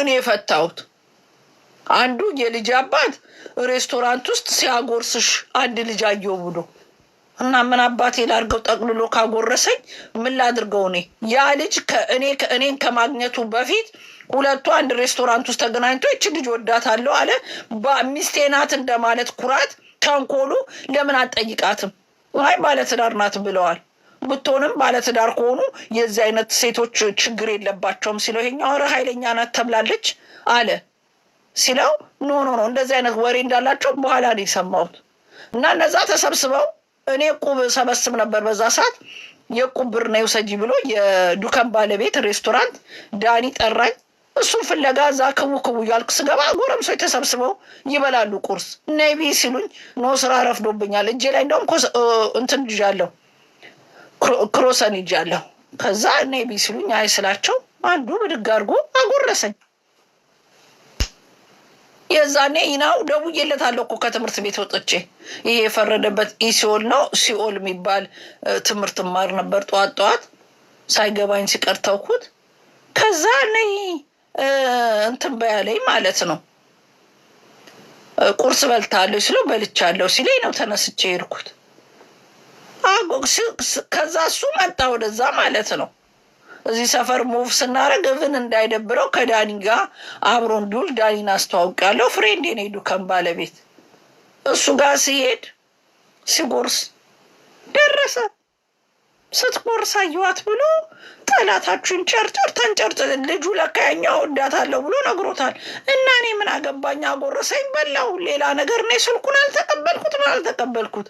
እኔ የፈታሁት አንዱ የልጅ አባት ሬስቶራንት ውስጥ ሲያጎርስሽ አንድ ልጅ አየው ብሎ እና ምን አባቴ ላድርገው? ጠቅልሎ ካጎረሰኝ ምን ላድርገው? እኔ ያ ልጅ ከእኔ ከእኔን ከማግኘቱ በፊት ሁለቱ አንድ ሬስቶራንት ውስጥ ተገናኝቶ ይች ልጅ ወዳታለሁ አለ። ሚስቴ ናት እንደማለት ኩራት፣ ተንኮሉ ለምን አጠይቃትም? አይ ባለትዳር ናት ብለዋል። ብትሆንም ባለትዳር ከሆኑ የዚህ አይነት ሴቶች ችግር የለባቸውም ሲለው ይሄኛው ኧረ ኃይለኛ ናት ተብላለች አለ ሲለው ኖ ኖ ኖ እንደዚህ አይነት ወሬ እንዳላቸው በኋላ ነው የሰማሁት። እና እነዛ ተሰብስበው እኔ ቁብ ሰበስብ ነበር በዛ ሰዓት የቁብ ብር ነው ውሰጂ ብሎ የዱከም ባለቤት ሬስቶራንት ዳኒ ጠራኝ። እሱም ፍለጋ እዛ ክቡ ክቡ እያልኩ ስገባ ጎረምሶች ተሰብስበው ይበላሉ ቁርስ። ነቢ ሲሉኝ ኖ ስራ ረፍዶብኛል እጄ ላይ እንደውም እንትን ልጅ አለው ክሮሰን ይጃለሁ። ከዛ እኔ ቢስሉኝ አይ ስላቸው አንዱ ብድግ አድርጎ አጎረሰኝ። የዛኔ ይናው ደውዬለታለሁ እኮ ከትምህርት ቤት ወጥቼ። ይሄ የፈረደበት ኢሲኦል ነው። ሲኦል የሚባል ትምህርት ማር ነበር ጠዋት ጠዋት ሳይገባኝ ሲቀር ተውኩት። ከዛ እኔ እንትን በያለኝ ማለት ነው። ቁርስ በልታለሁ ሲለው በልቻለሁ ሲለኝ ነው ተነስቼ ሄድኩት። ከዛ እሱ መጣ ወደዛ ማለት ነው። እዚህ ሰፈር ሙቭ ስናደርግ እብን እንዳይደብረው ከዳኒ ጋር አብሮ እንዲውል ዳኒን አስተዋውቅ ያለው ፍሬንድ የኔ ዱከም ባለቤት እሱ ጋር ሲሄድ ሲጎርስ ደረሰ። ስትጎርስ አየዋት ብሎ ጠላታችን ጨርጨር ተንጨርጭር ልጁ ለካ ያኛው ብሎ ነግሮታል። እና እኔ ምን አገባኝ? አጎረሰኝ፣ በላው። ሌላ ነገር እኔ ስልኩን አልተቀበልኩት ምን አልተቀበልኩት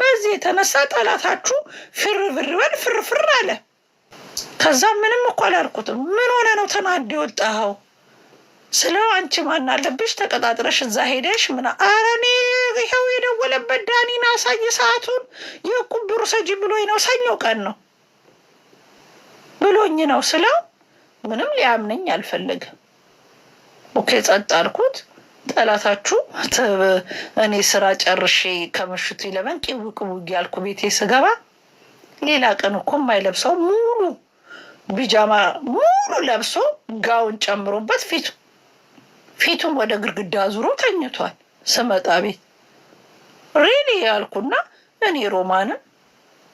በዚህ የተነሳ ጠላታችሁ ፍርፍርበል ፍርፍር አለ። ከዛ ምንም እኮ አላልኩትም። ምን ሆነ ነው ተናድ የወጣኸው ስለው አንቺ ማን አለብሽ ተቀጣጥረሽ እዛ ሄደሽ ምን? ኧረ እኔ ይኸው የደወለበት ዳኒን አሳይ ሰዓቱን የቁብሩ ሰጂ ብሎኝ ነው ሰኞ ቀን ነው ብሎኝ ነው ስለው ምንም ሊያምነኝ አልፈልግም። ኦኬ ጸጥ አልኩት። ጠላታችሁ እኔ ስራ ጨርሼ ከምሽቱ ይለበን ቅቡቅቡ ቅቡ እያልኩ ቤቴ ስገባ ሌላ ቀን እኮ የማይለብሰው ሙሉ ቢጃማ ሙሉ ለብሶ ጋውን ጨምሮበት ፊቱ ፊቱን ወደ ግድግዳ ዙሮ ተኝቷል። ስመጣ ቤት ሪሊ ያልኩና እኔ ሮማንም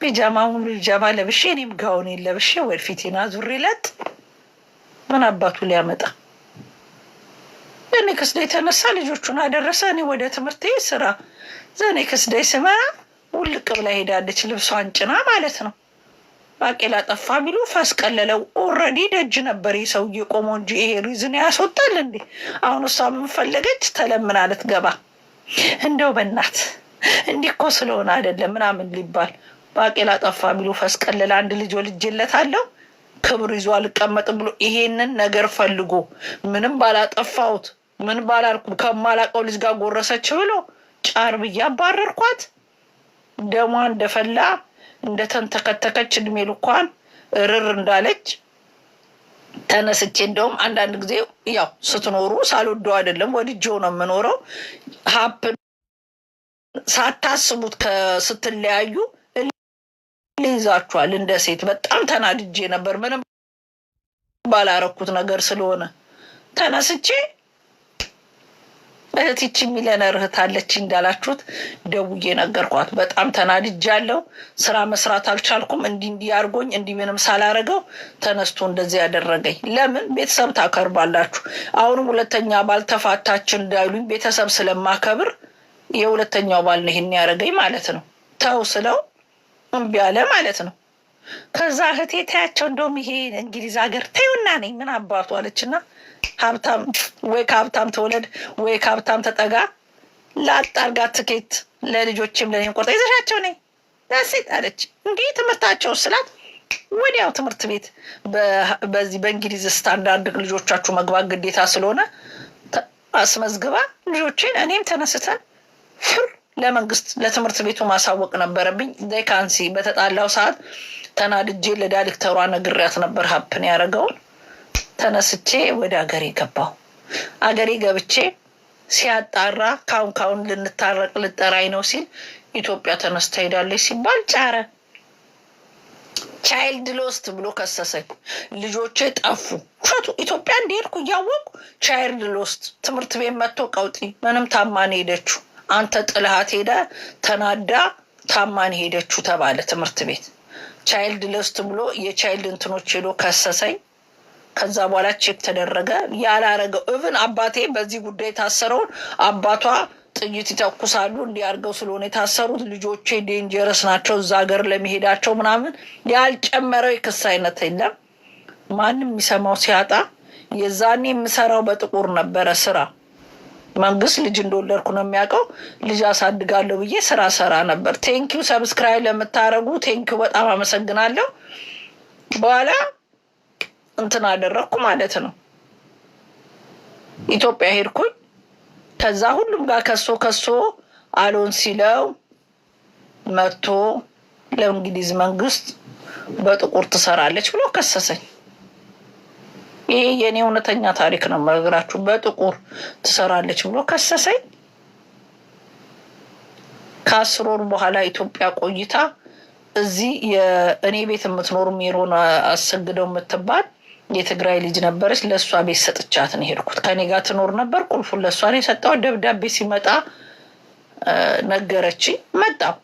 ቢጃማ ሙሉ ቢጃማ ለብሼ እኔም ጋውን ለብሼ ወደፊቴና ዙሬ ለጥ ምን አባቱ ሊያመጣ ከኔ ክስዳ የተነሳ ልጆቹን አደረሰ። እኔ ወደ ትምህርት ስራ ዘኔ ክስዳ ስመራ ውልቅ ብላ ሄዳለች፣ ልብሷን ጭና ማለት ነው። ባቄላ ጠፋ ቢሉ ፈስቀለለው። ኦልሬዲ ደጅ ነበር ሰውዬ ቆሞ እንጂ ይሄ ሪዝን ያስወጣል እንዴ? አሁን እሷ ምን ፈለገች? ተለምና ልትገባ እንደው በናት እንዲህ እኮ ስለሆነ አይደለም ምናምን ሊባል ባቄላ ጠፋ ቢሉ ፈስቀለለ። አንድ ልጅ አለው ክብር ይዞ አልቀመጥም ብሎ ይሄንን ነገር ፈልጎ ምንም ባላጠፋሁት ምን ባላልኩ ከማላቀው ልጅ ጋር ጎረሰች ብሎ ጫር ብዬ አባረርኳት። ደሟ እንደፈላ እንደተንተከተከች እድሜ ልኳን እርር እንዳለች ተነስቼ እንደውም አንዳንድ ጊዜ ያው ስትኖሩ ሳልወደው አይደለም ወድጄው ነው የምኖረው። ሀፕ ሳታስቡት ስትለያዩ ይዛችኋል። እንደ ሴት በጣም ተናድጄ ነበር ምንም ባላረኩት ነገር ስለሆነ ተነስቼ እህት ይቺ የሚለን እህት አለች እንዳላችሁት ደውዬ ነገርኳት። በጣም ተናድጃለሁ፣ ስራ መስራት አልቻልኩም፣ እንዲህ እንዲህ አድርጎኝ እንዲህ ምንም ሳላረገው ተነስቶ እንደዚህ ያደረገኝ። ለምን ቤተሰብ ታከርባላችሁ። አሁንም ሁለተኛ ባል ተፋታች እንዳይሉኝ ቤተሰብ ስለማከብር የሁለተኛው ባል ነው ይህን ያደረገኝ ማለት ነው። ተው ስለው እምቢ አለ ማለት ነው። ከዛ እህቴ ታያቸው እንደውም ይሄ እንግሊዝ ሀገር ተዩና ነኝ ምን አባቱ አለችና ሀብታም ወይ ከሀብታም ተወለድ ወይ ከሀብታም ተጠጋ ለአጣርጋ ትኬት ለልጆችም ለኔም ቆርጣ ይዘሻቸው ነኝ ደሴት አለች። እንግዲህ ትምህርታቸው ስላት ወዲያው ትምህርት ቤት በዚህ በእንግሊዝ ስታንዳርድ ልጆቻችሁ መግባት ግዴታ ስለሆነ አስመዝግባ ልጆችን እኔም ተነስተን ፍር ለመንግስት ለትምህርት ቤቱ ማሳወቅ ነበረብኝ። ዴካንሲ በተጣላው ሰዓት ተናድጄ ለዳይሬክተሯ ነግሬያት ነበር ሀፕን ያደረገውን ተነስቼ ወደ አገሬ ገባሁ። አገሬ ገብቼ ሲያጣራ ካሁን ካሁን ልንታረቅ ልጠራኝ ነው ሲል ኢትዮጵያ ተነስታ ሄዳለች ሲባል ጫረ። ቻይልድ ሎስት ብሎ ከሰሰኝ። ልጆቼ ጠፉ። ውሸቱ ኢትዮጵያ እንደሄድኩ እያወቁ ቻይልድ ሎስት። ትምህርት ቤት መጥቶ ቀውጢ ምንም ታማን ሄደችሁ፣ አንተ ጥልሃት ሄደ ተናዳ ታማን ሄደችሁ ተባለ ትምህርት ቤት። ቻይልድ ሎስት ብሎ የቻይልድ እንትኖች ሄዶ ከሰሰኝ። ከዛ በኋላ ቼክ ተደረገ። ያላረገው እብን አባቴ በዚህ ጉዳይ የታሰረውን አባቷ ጥይት ይተኩሳሉ እንዲያርገው ስለሆነ የታሰሩት ልጆቼ ዴንጀረስ ናቸው እዛ ሀገር ለመሄዳቸው ምናምን ያልጨመረው የክስ አይነት የለም። ማንም የሚሰማው ሲያጣ የዛኔ የምሰራው በጥቁር ነበረ ስራ መንግስት ልጅ እንደወለድኩ ነው የሚያውቀው። ልጅ አሳድጋለሁ ብዬ ስራ ሰራ ነበር። ቴንኪው ሰብስክራይብ ለምታደርጉ ቴንኪው በጣም አመሰግናለሁ። በኋላ እንትን አደረግኩ ማለት ነው። ኢትዮጵያ ሄድኩኝ። ከዛ ሁሉም ጋር ከሶ ከሶ አሎን ሲለው መጥቶ ለእንግሊዝ መንግስት በጥቁር ትሰራለች ብሎ ከሰሰኝ። ይሄ የእኔ እውነተኛ ታሪክ ነው መግራችሁ። በጥቁር ትሰራለች ብሎ ከሰሰኝ። ከአስር ወር በኋላ ኢትዮጵያ ቆይታ እዚህ የእኔ ቤት የምትኖሩ ሜሮን አሰግደው የምትባል የትግራይ ልጅ ነበረች። ለእሷ ቤት ሰጥቻት ነው ሄድኩት። ከኔ ጋር ትኖር ነበር። ቁልፉን ለእሷ ነው የሰጠው። ደብዳቤ ሲመጣ ነገረች። መጣው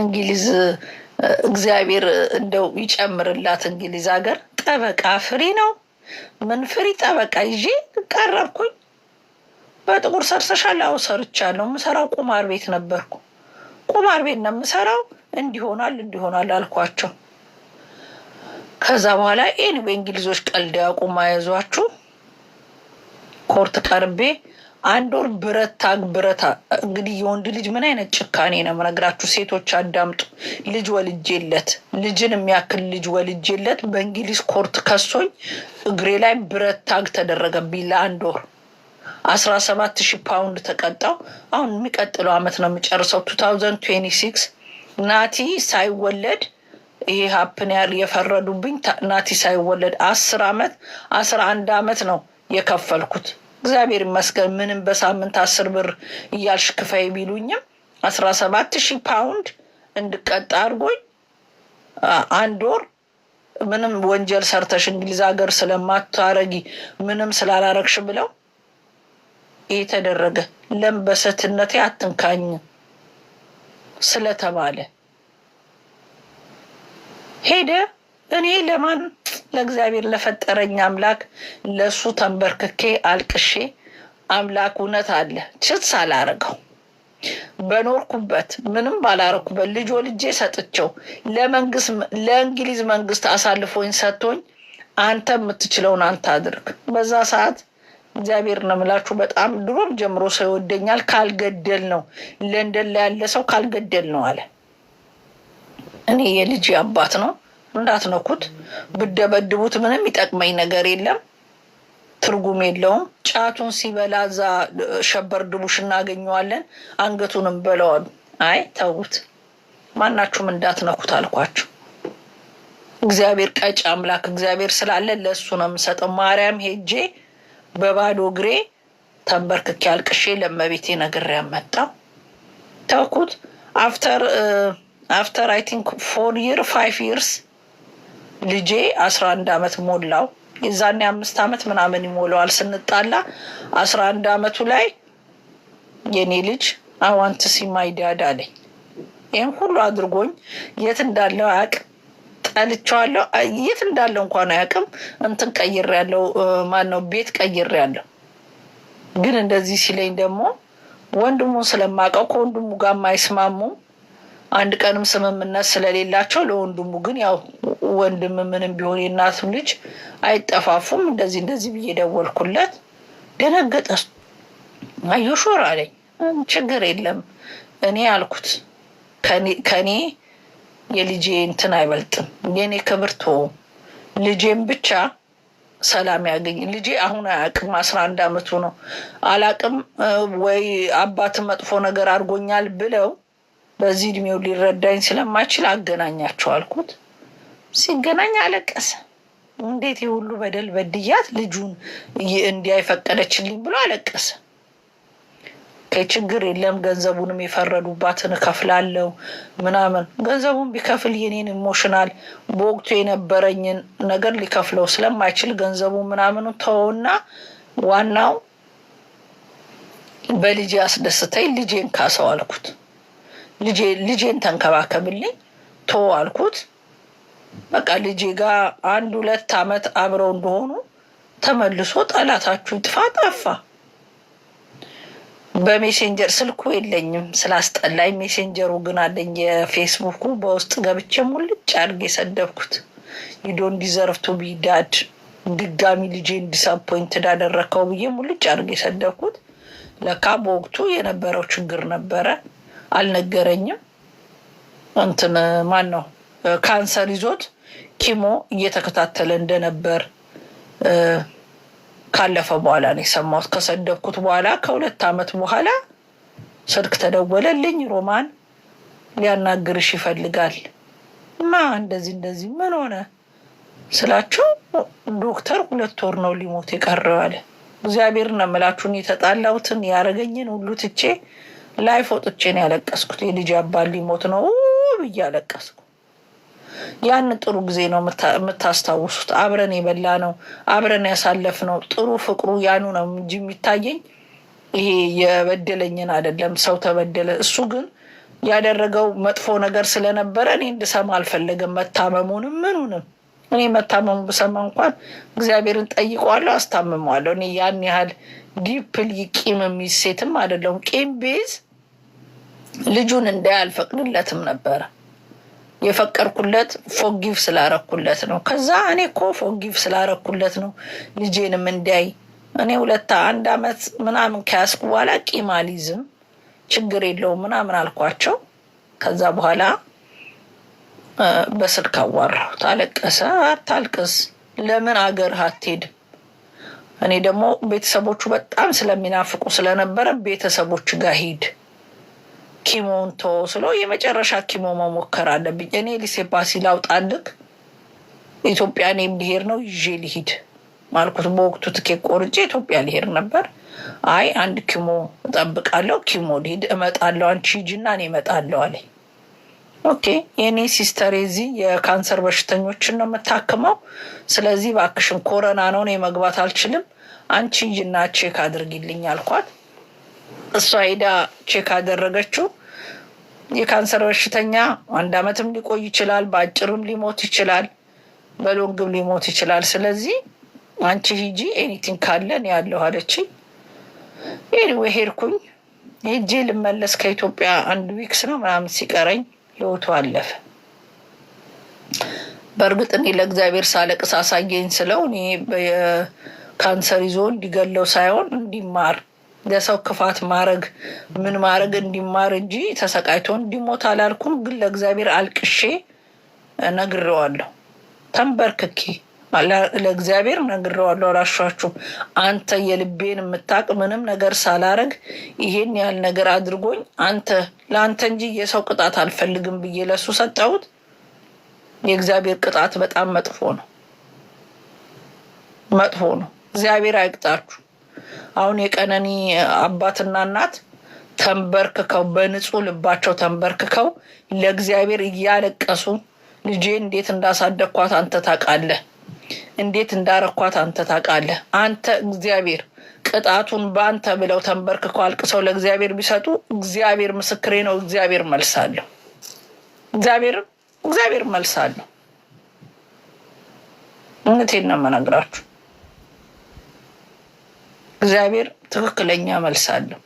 እንግሊዝ እግዚአብሔር እንደው ይጨምርላት። እንግሊዝ ሀገር ጠበቃ ፍሪ ነው ምን ፍሪ ጠበቃ ይዤ ቀረብኩኝ። በጥቁር ሰርሰሻል? አዎ ሰርቻለሁ። ምሰራው ቁማር ቤት ነበርኩ። ቁማር ቤት ነው የምሰራው። እንዲሆናል እንዲሆናል አልኳቸው። ከዛ በኋላ ይህን በእንግሊዞች ቀልድ ያውቁም አያዟችሁ። ኮርት ቀርቤ አንድ ወር ብረታ ብረታ። እንግዲህ የወንድ ልጅ ምን አይነት ጭካኔ ነው የምነግራችሁ? ሴቶች አዳምጡ። ልጅ ወልጄለት ልጅን የሚያክል ልጅ ወልጄለት በእንግሊዝ ኮርት ከሶኝ እግሬ ላይ ብረት ታግ ተደረገብኝ ለአንድ ወር አስራ ሰባት ሺህ ፓውንድ ተቀጣው። አሁን የሚቀጥለው አመት ነው የሚጨርሰው ቱ ታውዘንድ ትዌንቲ ሲክስ ናቲ ሳይወለድ ይሄ ሀፕን ያህል የፈረዱብኝ ናቲ ሳይወለድ አስር አመት አስራ አንድ አመት ነው የከፈልኩት። እግዚአብሔር ይመስገን ምንም በሳምንት አስር ብር እያልሽ ክፈይ ቢሉኝም አስራ ሰባት ሺህ ፓውንድ እንድቀጣ አድርጎኝ አንድ ወር ምንም ወንጀል ሰርተሽ እንግሊዝ ሀገር ስለማታረጊ ምንም ስላላረግሽ ብለው ይህ ተደረገ። ለምን በሰትነቴ አትንካኝ ስለተባለ ሄደ። እኔ ለማን ለእግዚአብሔር ለፈጠረኝ አምላክ ለእሱ ተንበርክኬ አልቅሼ አምላክ እውነት አለ ችስ አላረገው በኖርኩበት ምንም ባላረኩበት ልጆ ልጄ ሰጥቸው ለመንግስት ለእንግሊዝ መንግስት አሳልፎኝ ሰጥቶኝ አንተ የምትችለውን አንተ አድርግ። በዛ ሰዓት እግዚአብሔር ነምላችሁ በጣም ድሮም ጀምሮ ሰው ይወደኛል ካልገደል ነው ለንደን ላይ ያለ ሰው ካልገደል ነው አለ እኔ የልጅ አባት ነው፣ እንዳትነኩት። ብደበድቡት ምንም ይጠቅመኝ ነገር የለም፣ ትርጉም የለውም። ጫቱን ሲበላ እዛ ሸበር ድቡሽ እናገኘዋለን፣ አንገቱንም በለዋሉ። አይ ተዉት፣ ማናችሁም እንዳትነኩት አልኳቸው። እግዚአብሔር ቀጭ አምላክ እግዚአብሔር ስላለ ለእሱ ነው የምሰጠው። ማርያም ሄጄ በባዶ እግሬ ተንበርክኬ አልቅሼ ለመቤቴ ነግሬ ያመጣው ተውኩት አፍተር አፍተር አይ ቲንክ ፎር ይር ፋይቭ ይርስ ልጄ አስራ አንድ አመት ሞላው። የዛኔ አምስት አመት ምናምን ይሞላዋል ስንጣላ። አስራ አንድ አመቱ ላይ የኔ ልጅ አዋንት ሲማይዳድ አለኝ። ይህም ሁሉ አድርጎኝ የት እንዳለው አያውቅም። ጠልቼዋለሁ። የት እንዳለው እንኳን አያውቅም። እንትን ቀይሬያለሁ፣ ማነው ቤት ቀይሬያለሁ። ግን እንደዚህ ሲለኝ ደግሞ ወንድሙን ስለማውቀው ከወንድሙ ጋር አይስማሙም አንድ ቀንም ስምምነት ስለሌላቸው ለወንድሙ ግን ያው ወንድም ምንም ቢሆን የእናቱም ልጅ አይጠፋፉም። እንደዚህ እንደዚህ ብዬ ደወልኩለት። ደነገጠ። አየሾር አለኝ። ችግር የለም እኔ አልኩት ከኔ የልጄ እንትን አይበልጥም። የኔ ክብርቶ ልጄም ብቻ ሰላም ያገኝ። ልጄ አሁን አያውቅም፣ አስራ አንድ አመቱ ነው። አላውቅም ወይ አባት መጥፎ ነገር አድርጎኛል ብለው በዚህ እድሜው ሊረዳኝ ስለማይችል አገናኛቸው አልኩት። ሲገናኝ አለቀሰ። እንዴት የሁሉ በደል በድያት ልጁን እንዲያይፈቀደችልኝ ብሎ አለቀሰ። ከችግር የለም ገንዘቡንም የፈረዱባትን እከፍላለው ምናምን ገንዘቡን ቢከፍል የኔን ኢሞሽናል በወቅቱ የነበረኝን ነገር ሊከፍለው ስለማይችል ገንዘቡ ምናምን ተወውና ዋናው በልጅ አስደስተኝ ልጄን ካሰው አልኩት። ልጄን ተንከባከብልኝ ቶ አልኩት። በቃ ልጄ ጋር አንድ ሁለት አመት አብረው እንደሆኑ ተመልሶ ጠላታችሁ ጥፋ ጠፋ። በሜሴንጀር ስልኩ የለኝም ስላስጠላኝ፣ ሜሴንጀሩ ግን አለኝ። የፌስቡኩ በውስጥ ገብቼ ሙልጭ አድርጌ የሰደብኩት ዩዶን ዲዘርቭ ቱ ድጋሚ ልጄን ዲስአፖይንት እንዳደረከው ብዬ ሙልጭ አድርጌ የሰደብኩት ለካ በወቅቱ የነበረው ችግር ነበረ። አልነገረኝም። እንትን ማን ነው ካንሰር ይዞት ኪሞ እየተከታተለ እንደነበር ካለፈ በኋላ ነው የሰማሁት። ከሰደብኩት በኋላ ከሁለት ዓመት በኋላ ስልክ ተደወለልኝ። ሮማን ሊያናግርሽ ይፈልጋል እና እንደዚህ እንደዚህ ምን ሆነ ስላቸው ዶክተር ሁለት ወር ነው ሊሞት የቀረው አለ። እግዚአብሔር ነው የምላችሁን የተጣላሁትን ያደረገኝን ሁሉ ትቼ ላይ ወጥቼ ነው ያለቀስኩት። የልጅ አባት ሊሞት ነው ብዬ ያለቀስኩ። ያን ጥሩ ጊዜ ነው የምታስታውሱት። አብረን የበላ ነው አብረን ያሳለፍ ነው ጥሩ ፍቅሩ ያኑ ነው እንጂ የሚታየኝ ይሄ የበደለኝን አይደለም። ሰው ተበደለ። እሱ ግን ያደረገው መጥፎ ነገር ስለነበረ እኔ እንድሰማ አልፈለገም። መታመሙንም ምኑንም እኔ መታመሙ ብሰማ እንኳን እግዚአብሔርን ጠይቀዋለሁ፣ አስታምመዋለሁ። እኔ ያን ያህል ዲፕል ቂም የሚሴትም አይደለሁም። ቂም ቤዝ ልጁን እንዳይ አልፈቅድለትም ነበረ። የፈቀድኩለት ፎጊቭ ስላረኩለት ነው። ከዛ እኔ እኮ ፎጊቭ ስላረኩለት ነው ልጄንም እንዳይ እኔ ሁለት አንድ አመት ምናምን ከያዝኩ በኋላ ቂም አልይዝም ችግር የለውም ምናምን አልኳቸው። ከዛ በኋላ በስልክ አዋራሁት። ታለቀሰ አታልቅስ፣ ለምን አገርህ አትሄድም? እኔ ደግሞ ቤተሰቦቹ በጣም ስለሚናፍቁ ስለነበረ ቤተሰቦች ጋር ሂድ ኪሞን ቶ ስለው የመጨረሻ ኪሞ መሞከር አለብኝ። እኔ ሊሴባሲ ላውጣልክ ኢትዮጵያ እኔም ሊሄድ ነው ይዤ ልሂድ ማልኩት። በወቅቱ ትኬት ቆርጬ ኢትዮጵያ ሊሄድ ነበር። አይ አንድ ኪሞ እጠብቃለሁ፣ ኪሞ ልሂድ፣ እመጣለሁ፣ አንቺ ሂጂና እኔ እመጣለሁ አለኝ። ኦኬ የእኔ ሲስተር የዚህ የካንሰር በሽተኞችን ነው የምታክመው። ስለዚህ እባክሽን ኮረና ነው እኔ መግባት አልችልም፣ አንቺ ሂጂና ቼክ አድርጊልኝ አልኳት። እሷ ሄዳ ቼክ አደረገችው። የካንሰር በሽተኛ አንድ አመትም ሊቆይ ይችላል፣ በአጭርም ሊሞት ይችላል፣ በሎንግም ሊሞት ይችላል። ስለዚህ አንቺ ሂጂ ኤኒቲንግ ካለን ያለው አለች። ኤኒዌይ ሄድኩኝ። ሄጄ ልመለስ ከኢትዮጵያ አንድ ዊክስ ነው ምናምን ሲቀረኝ ህይወቱ አለፈ። በእርግጥ እኔ ለእግዚአብሔር ሳለቅስ አሳየኝ ስለው እኔ ካንሰር ይዞ እንዲገለው ሳይሆን እንዲማር ለሰው ክፋት ማድረግ ምን ማድረግ እንዲማር እንጂ ተሰቃይቶ እንዲሞት አላልኩም። ግን ለእግዚአብሔር አልቅሼ ነግሬዋለሁ። ተንበርክኬ ለእግዚአብሔር ነግሬዋለሁ። አላሻችሁም። አንተ የልቤን የምታቅ ምንም ነገር ሳላረግ ይሄን ያህል ነገር አድርጎኝ አንተ ለአንተ እንጂ የሰው ቅጣት አልፈልግም ብዬ ለሱ ሰጠሁት። የእግዚአብሔር ቅጣት በጣም መጥፎ ነው፣ መጥፎ ነው። እግዚአብሔር አይቅጣችሁ። አሁን የቀነኒ አባትና እናት ተንበርክከው በንጹህ ልባቸው ተንበርክከው ለእግዚአብሔር እያለቀሱ ልጄ እንዴት እንዳሳደግኳት አንተ ታውቃለህ፣ እንዴት እንዳረኳት አንተ ታውቃለህ። አንተ እግዚአብሔር ቅጣቱን በአንተ ብለው ተንበርክከው አልቅሰው ለእግዚአብሔር ቢሰጡ እግዚአብሔር ምስክሬ ነው፣ እግዚአብሔር መልሳለሁ፣ እግዚአብሔር እግዚአብሔር መልሳለሁ። እውነቴን ነው የምነግራችሁ። እግዚአብሔር ትክክለኛ መልስ አለው።